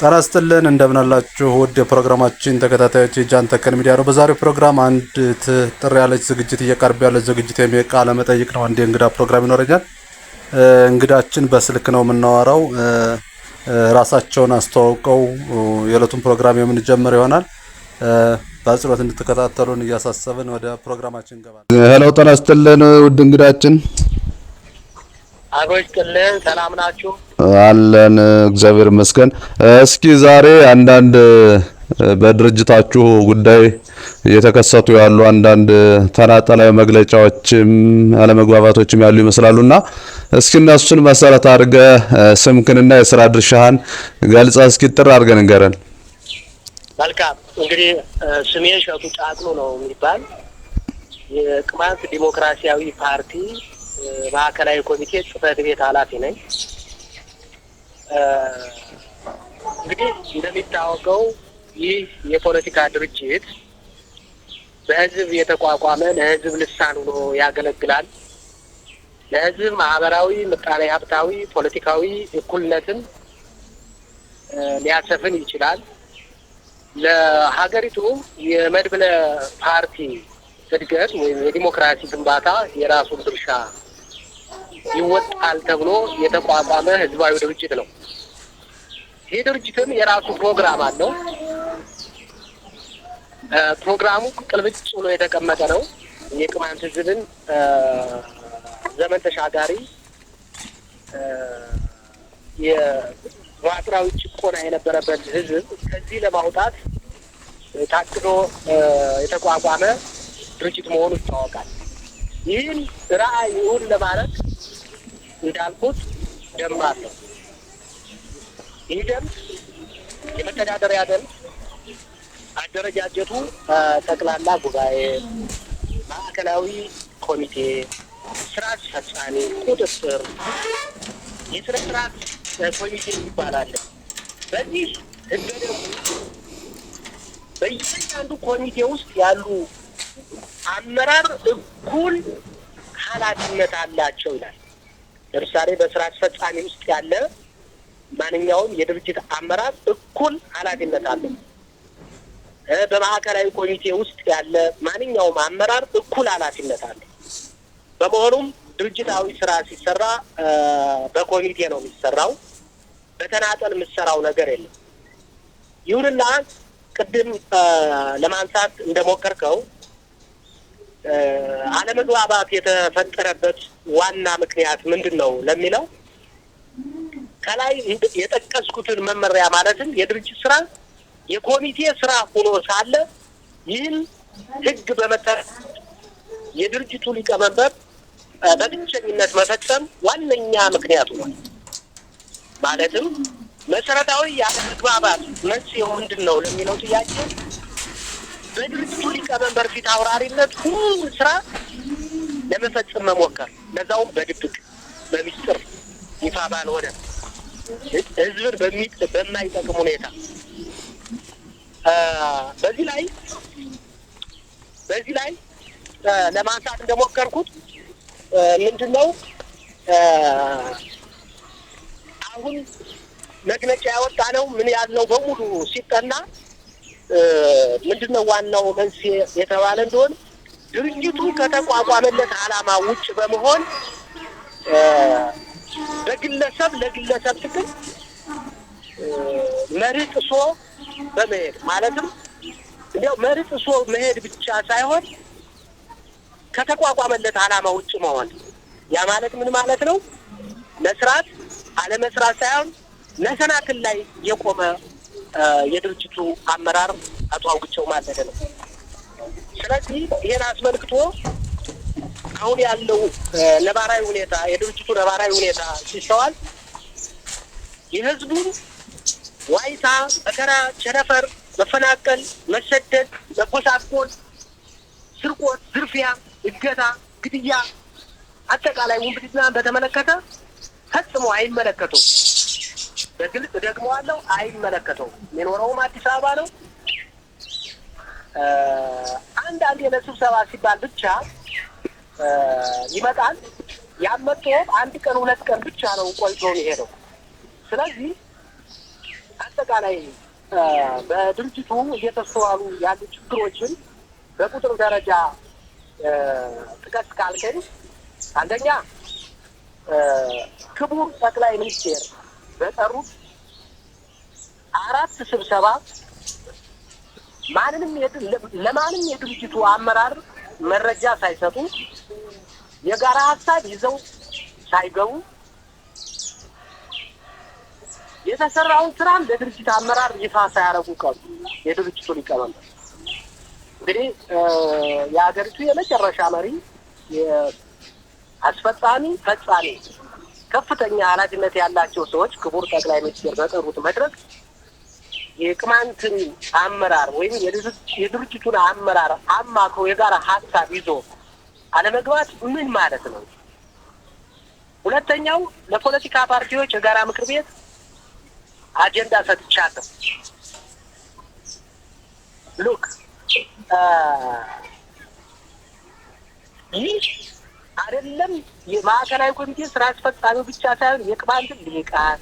ጤና ይስጥልን ውድ የፕሮግራማችን ተከታታዮች የጃን ተከል ሚዲያ ነው። በዛሬው ፕሮግራም አንድ ጥር ያለች ዝግጅት እየቀርብ ያለች ዝግጅት የሚ ቃለ መጠይቅ ነው። አንድ የእንግዳ ፕሮግራም ይኖረኛል። እንግዳችን በስልክ ነው የምናወራው። ራሳቸውን አስተዋውቀው የዕለቱን ፕሮግራም የምንጀምር ይሆናል። በአጽሮት እንድትከታተሉን እያሳሰብን ወደ ፕሮግራማችን እንገባለን። ሄሎ ጤና ይስጥልን ውድ እንግዳችን። አጎች ጥልን ሰላም ናችሁ? አለን እግዚአብሔር ይመስገን። እስኪ ዛሬ አንዳንድ በድርጅታችሁ ጉዳይ እየተከሰቱ ያሉ አንዳንድ ተናጠላዊ መግለጫዎችም አለመግባባቶችም ያሉ ይመስላሉና እስኪ እነሱን መሰረት አድርገ ስምክንና የስራ ድርሻህን ገልጸ እስኪ ጥር አድርገን እንገረን። መልካም እንግዲህ ስሜ ሸቱ ጫቅሎ ነው የሚባል የቅማንት ዲሞክራሲያዊ ፓርቲ ማዕከላዊ ኮሚቴ ጽህፈት ቤት ኃላፊ ነኝ። እንግዲህ እንደሚታወቀው ይህ የፖለቲካ ድርጅት በህዝብ የተቋቋመ ለህዝብ ልሳን ሆኖ ያገለግላል። ለህዝብ ማህበራዊ፣ ምጣኔ ሀብታዊ፣ ፖለቲካዊ እኩልነትን ሊያሰፍን ይችላል። ለሀገሪቱ የመድብለ ፓርቲ እድገት ወይም የዲሞክራሲ ግንባታ የራሱን ድርሻ ይወጣል ተብሎ የተቋቋመ ህዝባዊ ድርጅት ነው። ይህ ድርጅትም የራሱ ፕሮግራም አለው። ፕሮግራሙ ቅልብጭ ብሎ የተቀመጠ ነው። የቅማንት ህዝብን ዘመን ተሻጋሪ የመዋቅራዊ ጭቆና የነበረበት ህዝብ ከዚህ ለማውጣት ታቅዶ የተቋቋመ ድርጅት መሆኑ ይታወቃል። ይህን ራዕይ እውን ለማድረግ እንዳልኩት ደም አለው። ይህ ደንብ የመተዳደሪያ ደንብ አደረጃጀቱ ጠቅላላ ጉባኤ፣ ማዕከላዊ ኮሚቴ፣ ስራ አስፈጻሚ፣ ቁጥጥር፣ የስነ ስርዓት ኮሚቴ ይባላል። በዚህ ህገ ደንቡ በእያንዳንዱ ኮሚቴ ውስጥ ያሉ አመራር እኩል ኃላፊነት አላቸው ይላል። ለምሳሌ በስራ አስፈጻሚ ውስጥ ያለ ማንኛውም የድርጅት አመራር እኩል ኃላፊነት አለው። በማዕከላዊ ኮሚቴ ውስጥ ያለ ማንኛውም አመራር እኩል ኃላፊነት አለው። በመሆኑም ድርጅታዊ ስራ ሲሰራ በኮሚቴ ነው የሚሰራው። በተናጠል የምሰራው ነገር የለም። ይሁንና ቅድም ለማንሳት እንደሞከርከው አለመግባባት የተፈጠረበት ዋና ምክንያት ምንድን ነው ለሚለው ከላይ የጠቀስኩትን መመሪያ ማለትም የድርጅት ስራ የኮሚቴ ስራ ሆኖ ሳለ ይህን ህግ በመጠረ የድርጅቱ ሊቀመንበር በብቸኝነት መፈጸም ዋነኛ ምክንያቱ ነው። ማለትም መሰረታዊ የአለመግባባት መንስኤው ምንድን ነው ለሚለው ጥያቄ በድርጅቱ ሊቀመንበር ፊት አውራሪነት ሁሉ ስራ ለመፈጸም መሞከር፣ ለዛውም በድብቅ በሚስጥር ይፋ ባልሆነ ህዝብን በማይጠቅም ሁኔታ። በዚህ ላይ በዚህ ላይ ለማንሳት እንደሞከርኩት ምንድን ነው አሁን መግለጫ ያወጣ ነው ምን ያለው በሙሉ ሲጠና ምንድነው ዋናው መንስኤ የተባለ እንደሆነ ድርጅቱ ከተቋቋመለት ዓላማ ውጭ በመሆን በግለሰብ ለግለሰብ ጥቅም መሪ ጥሶ በመሄድ ማለትም እንዲያው መሪ ጥሶ መሄድ ብቻ ሳይሆን ከተቋቋመለት ዓላማ ውጭ መሆን። ያ ማለት ምን ማለት ነው? መስራት አለመስራት ሳይሆን መሰናክል ላይ የቆመ የድርጅቱ አመራር አቶ አውግቸው ማለደ ነው። ስለዚህ ይህን አስመልክቶ አሁን ያለው ነባራዊ ሁኔታ የድርጅቱ ነባራዊ ሁኔታ ሲስተዋል የህዝቡን ዋይታ፣ መከራ፣ ቸነፈር፣ መፈናቀል፣ መሰደድ፣ መጎሳቆል፣ ስርቆት፣ ዝርፊያ፣ እገታ፣ ግድያ፣ አጠቃላይ ውንብድና በተመለከተ ፈጽሞ አይመለከቱም። በግልጽ ደግመዋለሁ። አይመለከተውም። የሚኖረውም አዲስ አበባ ነው። አንዳንዴ ለስብሰባ ሲባል ብቻ ይመጣል። ያመጣውም አንድ ቀን ሁለት ቀን ብቻ ነው ቆይቶ የሄደው። ስለዚህ አጠቃላይ በድርጅቱ እየተስተዋሉ ያሉ ችግሮችን በቁጥር ደረጃ ጥቀስ ካልከኝ አንደኛ ክቡር ጠቅላይ ሚኒስቴር በጠሩት አራት ስብሰባ ማንንም ለማንም የድርጅቱ አመራር መረጃ ሳይሰጡ የጋራ ሀሳብ ይዘው ሳይገቡ የተሰራውን ስራ ለድርጅት አመራር ይፋ ሳያደርጉ ቀሩ። የድርጅቱ ሊቀመንበር እንግዲህ የሀገሪቱ የመጨረሻ መሪ፣ አስፈጻሚ፣ ፈጻሚ ከፍተኛ ኃላፊነት ያላቸው ሰዎች ክቡር ጠቅላይ ሚኒስትር በጠሩት መድረክ የቅማንትን አመራር ወይም የድርጅቱን አመራር አማክሮ የጋራ ሀሳብ ይዞ አለመግባት ምን ማለት ነው? ሁለተኛው ለፖለቲካ ፓርቲዎች የጋራ ምክር ቤት አጀንዳ ሰጥቻለሁ። ሉክ ይህ አይደለም የማዕከላዊ ኮሚቴ ስራ አስፈጻሚው ብቻ ሳይሆን የቅማንትን ሊቃን፣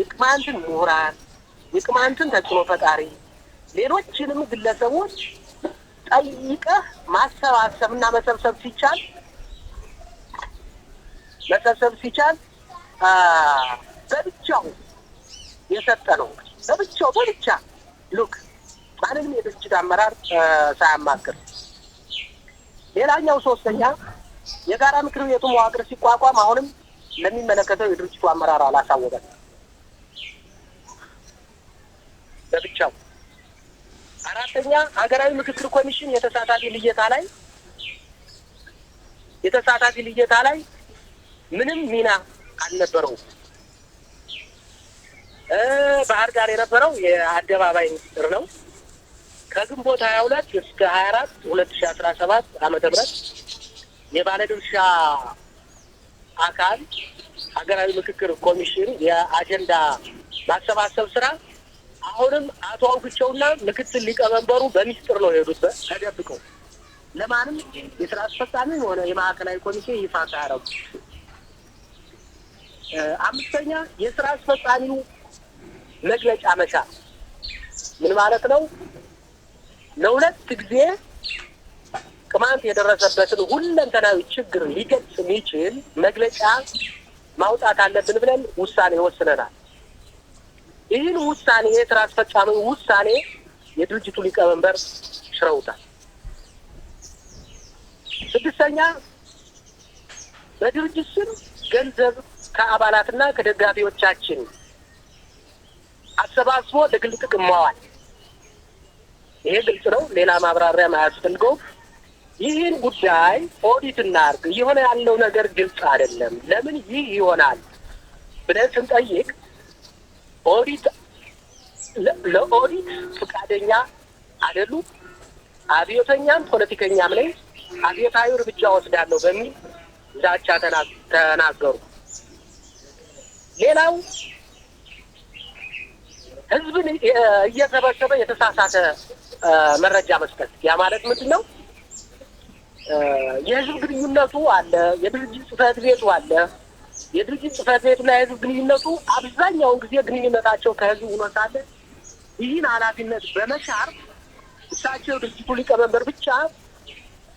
የቅማንትን ምሁራን፣ የቅማንትን ተጽዕኖ ፈጣሪ ሌሎችንም ግለሰቦች ጠይቀህ ማሰባሰብና መሰብሰብ ሲቻል መሰብሰብ ሲቻል በብቻው የሰጠ ነው። በብቻው በብቻ ሉክ ማንንም የድርጅት አመራር ሳያማክር ሌላኛው ሶስተኛ የጋራ ምክር ቤቱ መዋቅር ሲቋቋም አሁንም ለሚመለከተው የድርጅቱ አመራር አላሳወቀም። በብቻው አራተኛ ሀገራዊ ምክክር ኮሚሽን የተሳታፊ ልየታ ላይ የተሳታፊ ልየታ ላይ ምንም ሚና አልነበረው ባህር ዳር የነበረው የአደባባይ ምስጢር ነው። ከግንቦት ሀያ ሁለት እስከ ሀያ አራት ሁለት ሺ አስራ ሰባት አመተ ምህረት የባለድርሻ አካል ሀገራዊ ምክክር ኮሚሽን የአጀንዳ ማሰባሰብ ስራ አሁንም አቶ አውግቸውና ምክትል ሊቀመንበሩ በሚስጥር ነው የሄዱት ተደብቀው ለማንም የስራ አስፈጻሚ ሆነ የማዕከላዊ ኮሚቴ ይፋ ሳያረጉ። አምስተኛ የስራ አስፈጻሚው መግለጫ መሻ ምን ማለት ነው? ለሁለት ጊዜ ቅማንት የደረሰበትን ሁለንተናዊ ችግር ሊገልጽ የሚችል መግለጫ ማውጣት አለብን ብለን ውሳኔ ወስነናል። ይህን ውሳኔ የስራ አስፈጻሚ ውሳኔ የድርጅቱ ሊቀመንበር ሽረውታል። ስድስተኛ በድርጅት ስም ገንዘብ ከአባላትና ከደጋፊዎቻችን አሰባስቦ ለግል ጥቅም ማዋል። ይሄ ግልጽ ነው። ሌላ ማብራሪያ አያስፈልገውም። ይህን ጉዳይ ኦዲት እናርግ። እየሆነ ያለው ነገር ግልጽ አይደለም። ለምን ይህ ይሆናል ብለን ስንጠይቅ ኦዲት ለኦዲት ፈቃደኛ አይደሉም። አብዮተኛም ፖለቲከኛም ላይ አብዮታዊ እርምጃ ወስዳለሁ በሚል ዛቻ ተናገሩ። ሌላው ህዝብን እየሰበሰበ የተሳሳተ መረጃ መስጠት ያ ማለት ምንድን ነው? የህዝብ ግንኙነቱ አለ፣ የድርጅት ጽህፈት ቤቱ አለ። የድርጅት ጽህፈት ቤቱና የህዝብ ግንኙነቱ አብዛኛውን ጊዜ ግንኙነታቸው ከህዝብ ሆኖ ሳለ ይህን ኃላፊነት በመሻር እሳቸው ድርጅቱ ሊቀመንበር ብቻ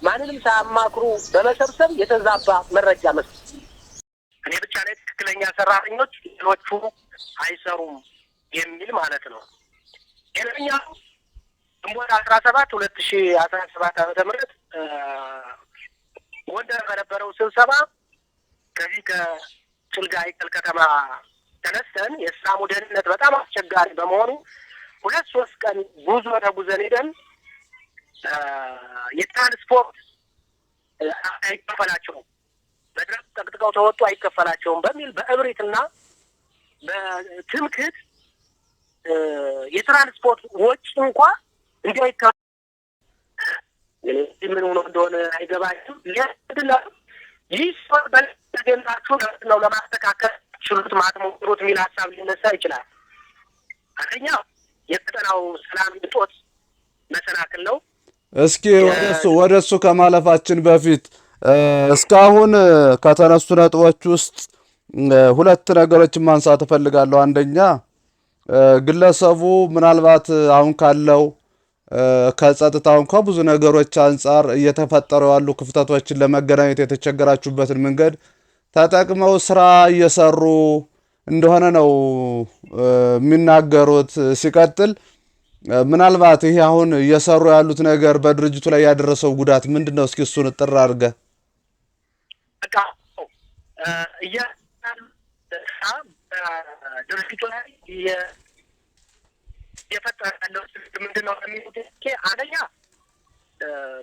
ማንንም ሳያማክሩ በመሰብሰብ የተዛባ መረጃ መስ እኔ ብቻ ላይ ትክክለኛ ሰራተኞች ሌሎቹ አይሰሩም የሚል ማለት ነው። ሌላኛው ግንቦት አስራ ሰባት ሁለት ሺ አስራ ሰባት አመተ ምህረት ጎንደር በነበረው ስብሰባ ከዚህ ከጭልጋ ይቅል ከተማ ተነስተን የእስላሙ ደህንነት በጣም አስቸጋሪ በመሆኑ ሁለት ሶስት ቀን ጉዞ ተጉዘን ሄደን የትራንስፖርት አይከፈላቸውም፣ በድረስ ጠቅጥቀው ተወጡ አይከፈላቸውም በሚል በእብሪትና በትምክህት የትራንስፖርት ወጪ እንኳ እንዲያይከ ስለዚህ ምን ሆኖ እንደሆነ አይገባኝም። ሊያስድላ ይህ ሰው በገንታችሁ ነው ለማስተካከል ችሉት ማትሞክሩት የሚል ሀሳብ ሊነሳ ይችላል። አንደኛው የቀጠናው ሰላም እጦት መሰናክል ነው። እስኪ ወደሱ ወደሱ ከማለፋችን በፊት እስካሁን ከተነሱ ነጥቦች ውስጥ ሁለት ነገሮችን ማንሳት እፈልጋለሁ። አንደኛ ግለሰቡ ምናልባት አሁን ካለው ከጸጥታው እንኳ ብዙ ነገሮች አንጻር እየተፈጠሩ ያሉ ክፍተቶችን ለመገናኘት የተቸገራችሁበትን መንገድ ተጠቅመው ስራ እየሰሩ እንደሆነ ነው የሚናገሩት። ሲቀጥል ምናልባት ይሄ አሁን እየሰሩ ያሉት ነገር በድርጅቱ ላይ ያደረሰው ጉዳት ምንድን ነው? እስኪ እሱን እጥር አድርገህ ድርጅቱ ላይ የፈጠረ ያለው ምንድነው? አንደኛ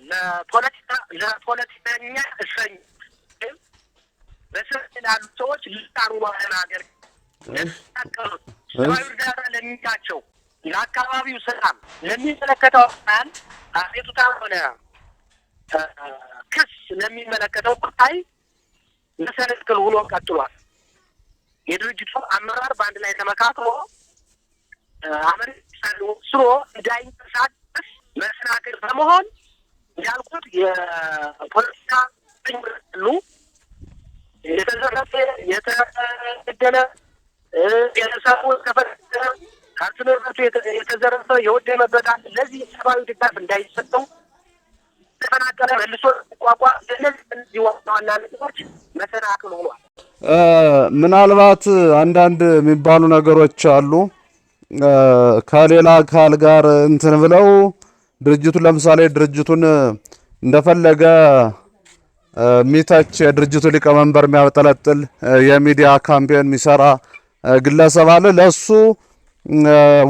ለፖለቲካ ለፖለቲከኛ እስረኛ በስር ላሉ ሰዎች ልጣሩ ባህል ሀገር ሰብአዊ እርዳታ ለሚቻቸው ለአካባቢው ሰላም ለሚመለከተው አካል አቤቱታ ሆነ ክስ ለሚመለከተው ጉዳይ መሰረት ክል ውሎ ቀጥሏል። የድርጅቱ አመራር በአንድ ላይ ተመካክሮ አመሪሳን ወስሮ እንዳይንቀሳቀስ መሰናክል በመሆን እንዳልኩት የፖለቲካ ሉ የተዘረፈ የተገደለ ቤተሰቡ ለዚህ ሰብአዊ ድጋፍ እንዳይሰጠው ተፈናቀለ መልሶ ቋቋ እነዚህ ዋና ዋና ነገሮች መሰናክል ሆኗል። ምናልባት አንዳንድ የሚባሉ ነገሮች አሉ ከሌላ አካል ጋር እንትን ብለው ድርጅቱን ለምሳሌ ድርጅቱን እንደፈለገ ሚተች የድርጅቱ ሊቀመንበር የሚያጠለጥል የሚዲያ ካምፔን የሚሰራ ግለሰብ አለ። ለሱ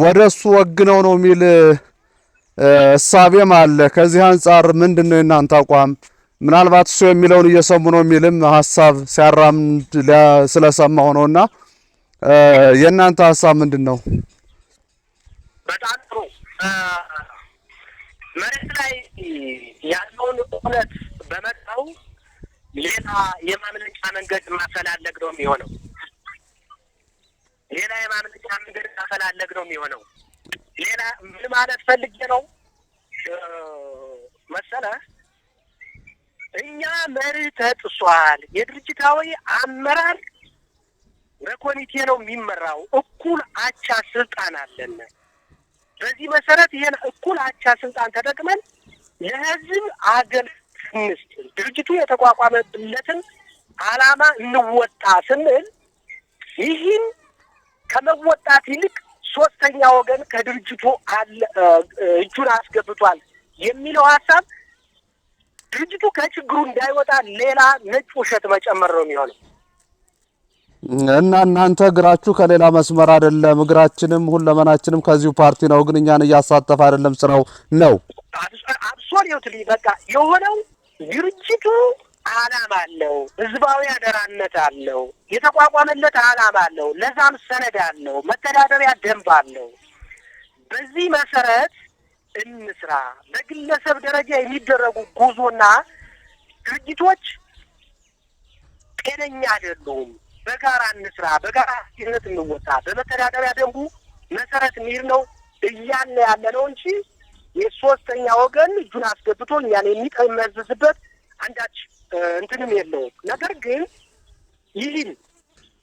ወደ እሱ ወግነው ነው የሚል እሳቤም አለ። ከዚህ አንጻር ምንድን ነው የእናንተ አቋም? ምናልባት እሱ የሚለውን እየሰሙ ነው የሚልም ሀሳብ ሲያራምድ ስለሰማሁ እና የእናንተ ሀሳብ ምንድን ነው? በጣም ጥሩ መሬት ላይ ያለውን እውነት በመጣው ሌላ የማምለጫ መንገድ ማፈላለግ ነው የሚሆነው። ሌላ የማምለጫ መንገድ ማፈላለግ ነው የሚሆነው። ሌላ ምን ማለት ፈልጌ ነው መሰለ እኛ መርህ ተጥሷል። የድርጅታዊ አመራር በኮሚቴ ነው የሚመራው። እኩል አቻ ስልጣን አለን። በዚህ መሰረት ይሄን እኩል አቻ ስልጣን ተጠቅመን ለህዝብ አገልግሎት ስንስጥ ድርጅቱ የተቋቋመበትን አላማ እንወጣ ስንል ይህን ከመወጣት ይልቅ ሶስተኛ ወገን ከድርጅቱ አለ እጁን አስገብቷል የሚለው ሀሳብ ድርጅቱ ከችግሩ እንዳይወጣ ሌላ ነጭ ውሸት መጨመር ነው የሚሆነው። እና እናንተ እግራችሁ ከሌላ መስመር አይደለም፣ እግራችንም ሁለመናችንም ከዚሁ ፓርቲ ነው፣ ግን እኛን እያሳተፈ አይደለም ስራው ነው። አብሶሉትሊ በቃ የሆነው ድርጅቱ አላማ አለው፣ ህዝባዊ አደራነት አለው፣ የተቋቋመለት አላማ አለው፣ ለዛም ሰነድ አለው፣ መተዳደሪያ ደንብ አለው። በዚህ መሰረት እንስራ። በግለሰብ ደረጃ የሚደረጉ ጉዞና ድርጅቶች ጤነኛ አይደሉም። በጋራ እንስራ፣ በጋራ ኃላፊነት እንወጣ። በመተዳደሪያ ደንቡ መሰረት ሚር ነው እያለ ያለ ነው እንጂ የሶስተኛ ወገን እጁን አስገብቶ እኛን የሚጠመዝዝበት አንዳች እንትንም የለውም። ነገር ግን ይህን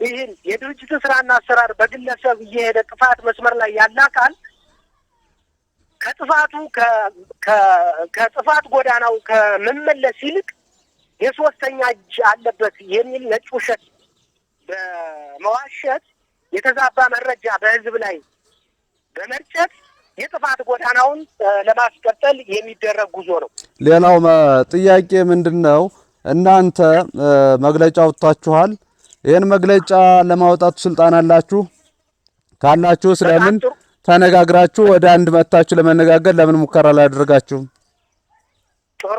ይህን የድርጅት ስራና አሰራር በግለሰብ እየሄደ ጥፋት መስመር ላይ ያለ አካል ከጥፋቱ ከጥፋት ጎዳናው ከመመለስ ይልቅ የሶስተኛ እጅ አለበት የሚል ነጭ ውሸት በመዋሸት የተዛባ መረጃ በህዝብ ላይ በመርጨት የጥፋት ጎዳናውን ለማስቀጠል የሚደረግ ጉዞ ነው። ሌላው ጥያቄ ምንድን ነው? እናንተ መግለጫ ወጥታችኋል። ይህን መግለጫ ለማውጣቱ ስልጣን አላችሁ? ካላችሁ ስለምን ተነጋግራችሁ ወደ አንድ መታችሁ ለመነጋገር ለምን ሙከራ አላደረጋችሁም? ጥሩ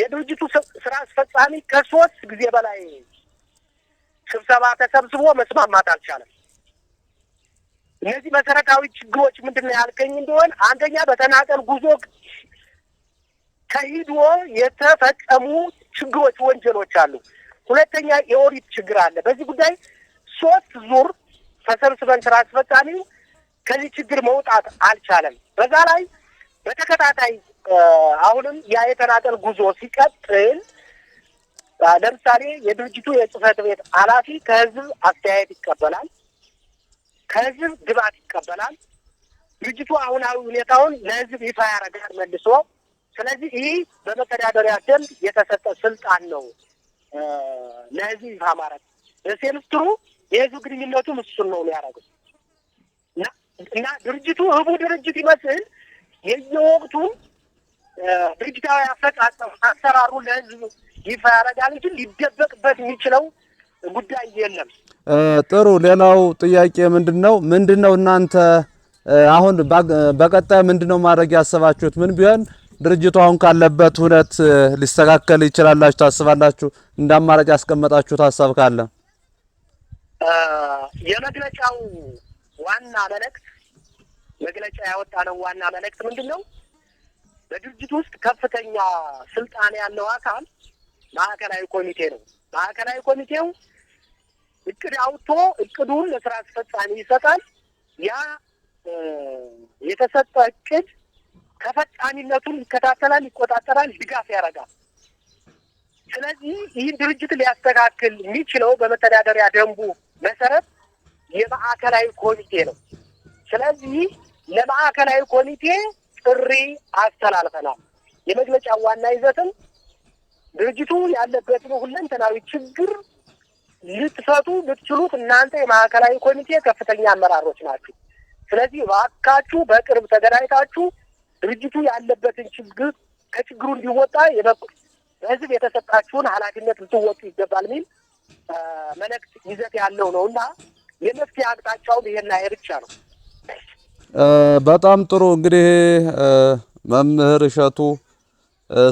የድርጅቱ ስራ አስፈጻሚ ከሶስት ጊዜ በላይ ስብሰባ ተሰብስቦ መስማማት አልቻለም። እነዚህ መሰረታዊ ችግሮች ምንድን ነው ያልከኝ እንደሆን አንደኛ በተናጠል ጉዞ ከሂዶ የተፈጸሙ ችግሮች፣ ወንጀሎች አሉ። ሁለተኛ የኦዲት ችግር አለ። በዚህ ጉዳይ ሶስት ዙር ተሰብስበን ስራ አስፈጻሚው ከዚህ ችግር መውጣት አልቻለም። በዛ ላይ በተከታታይ አሁንም ያ የተናጠል ጉዞ ሲቀጥል ለምሳሌ የድርጅቱ የጽህፈት ቤት ኃላፊ ከህዝብ አስተያየት ይቀበላል፣ ከህዝብ ግብአት ይቀበላል። ድርጅቱ አሁናዊ ሁኔታውን ለህዝብ ይፋ ያደርጋል መልሶ። ስለዚህ ይህ በመተዳደሪያ ደንብ የተሰጠ ስልጣን ነው ለህዝብ ይፋ ማድረግ። ሴምስትሩ የህዝብ ግንኙነቱ እሱን ነው ያደረጉት እና ድርጅቱ ህቡ ድርጅት ይመስል የየወቅቱን ድርጅታዊ አፈጻጸም አሰራሩ ለህዝብ ይፋ ያደርጋል እንጂ ሊደበቅበት የሚችለው ጉዳይ የለም። ጥሩ። ሌላው ጥያቄ ምንድን ነው ምንድን ነው እናንተ አሁን በቀጣይ ምንድን ነው ማድረግ ያሰባችሁት? ምን ቢሆን ድርጅቱ አሁን ካለበት ሁነት ሊስተካከል ይችላላችሁ ታስባላችሁ? እንደ አማራጭ ያስቀመጣችሁት ሀሳብ ካለ የመግለጫው ዋና መልእክት መግለጫ ያወጣነው ዋና መልእክት ምንድን ነው? በድርጅቱ ውስጥ ከፍተኛ ስልጣን ያለው አካል ማዕከላዊ ኮሚቴ ነው። ማዕከላዊ ኮሚቴው እቅድ አውጥቶ እቅዱን ለስራ አስፈጻሚ ይሰጣል። ያ የተሰጠ እቅድ ተፈጻሚነቱን ይከታተላል፣ ይቆጣጠራል፣ ድጋፍ ያደርጋል። ስለዚህ ይህን ድርጅት ሊያስተካክል የሚችለው በመተዳደሪያ ደንቡ መሰረት የማዕከላዊ ኮሚቴ ነው። ስለዚህ ለማዕከላዊ ኮሚቴ ጥሪ አስተላልፈናል። የመግለጫ ዋና ይዘትም ድርጅቱ ያለበትን ሁለንተናዊ ችግር ልትፈቱ ልትችሉት እናንተ የማዕከላዊ ኮሚቴ ከፍተኛ አመራሮች ናችሁ። ስለዚህ እባካችሁ በቅርብ ተገናኝታችሁ ድርጅቱ ያለበትን ችግር ከችግሩ እንዲወጣ በህዝብ የተሰጣችሁን ኃላፊነት ልትወጡ ይገባል የሚል መልእክት ይዘት ያለው ነው እና የመፍትሄ አቅጣጫውም ይሄና ይሄ ብቻ ነው። በጣም ጥሩ እንግዲህ መምህር እሸቱ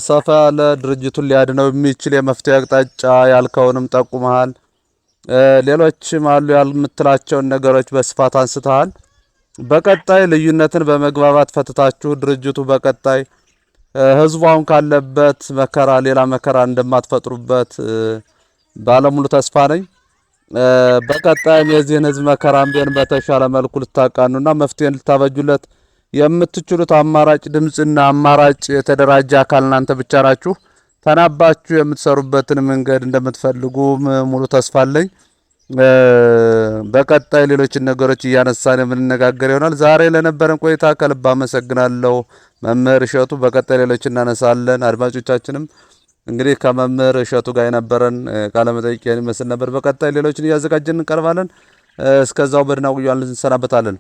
ሰፋ ያለ ድርጅቱን ሊያድነው የሚችል የመፍትሄ አቅጣጫ ያልከውንም ጠቁመሃል። ሌሎችም አሉ ያልምትላቸውን ነገሮች በስፋት አንስተሃል። በቀጣይ ልዩነትን በመግባባት ፈትታችሁ ድርጅቱ በቀጣይ ህዝቡ አሁን ካለበት መከራ ሌላ መከራ እንደማትፈጥሩበት ባለሙሉ ተስፋ ነኝ። በቀጣይም የዚህን ህዝብ መከራ ቢሆን በተሻለ መልኩ ልታቃኑና መፍትሄን ልታበጁለት የምትችሉት አማራጭ ድምፅና አማራጭ የተደራጀ አካል እናንተ ብቻ ናችሁ። ተናባችሁ የምትሰሩበትን መንገድ እንደምትፈልጉ ሙሉ ተስፋ አለኝ። በቀጣይ ሌሎችን ነገሮች እያነሳን የምንነጋገር ይሆናል። ዛሬ ለነበረን ቆይታ ከልብ አመሰግናለሁ መምህር እሸቱ። በቀጣይ ሌሎች እናነሳለን። አድማጮቻችንም እንግዲህ ከመምህር እሸቱ ጋር የነበረን ቃለ ይመስል ነበር። በቀጣይ ሌሎችን እያዘጋጀን እንቀርባለን። እስከዛው በድና ቆዩ፣ እንሰናበታለን።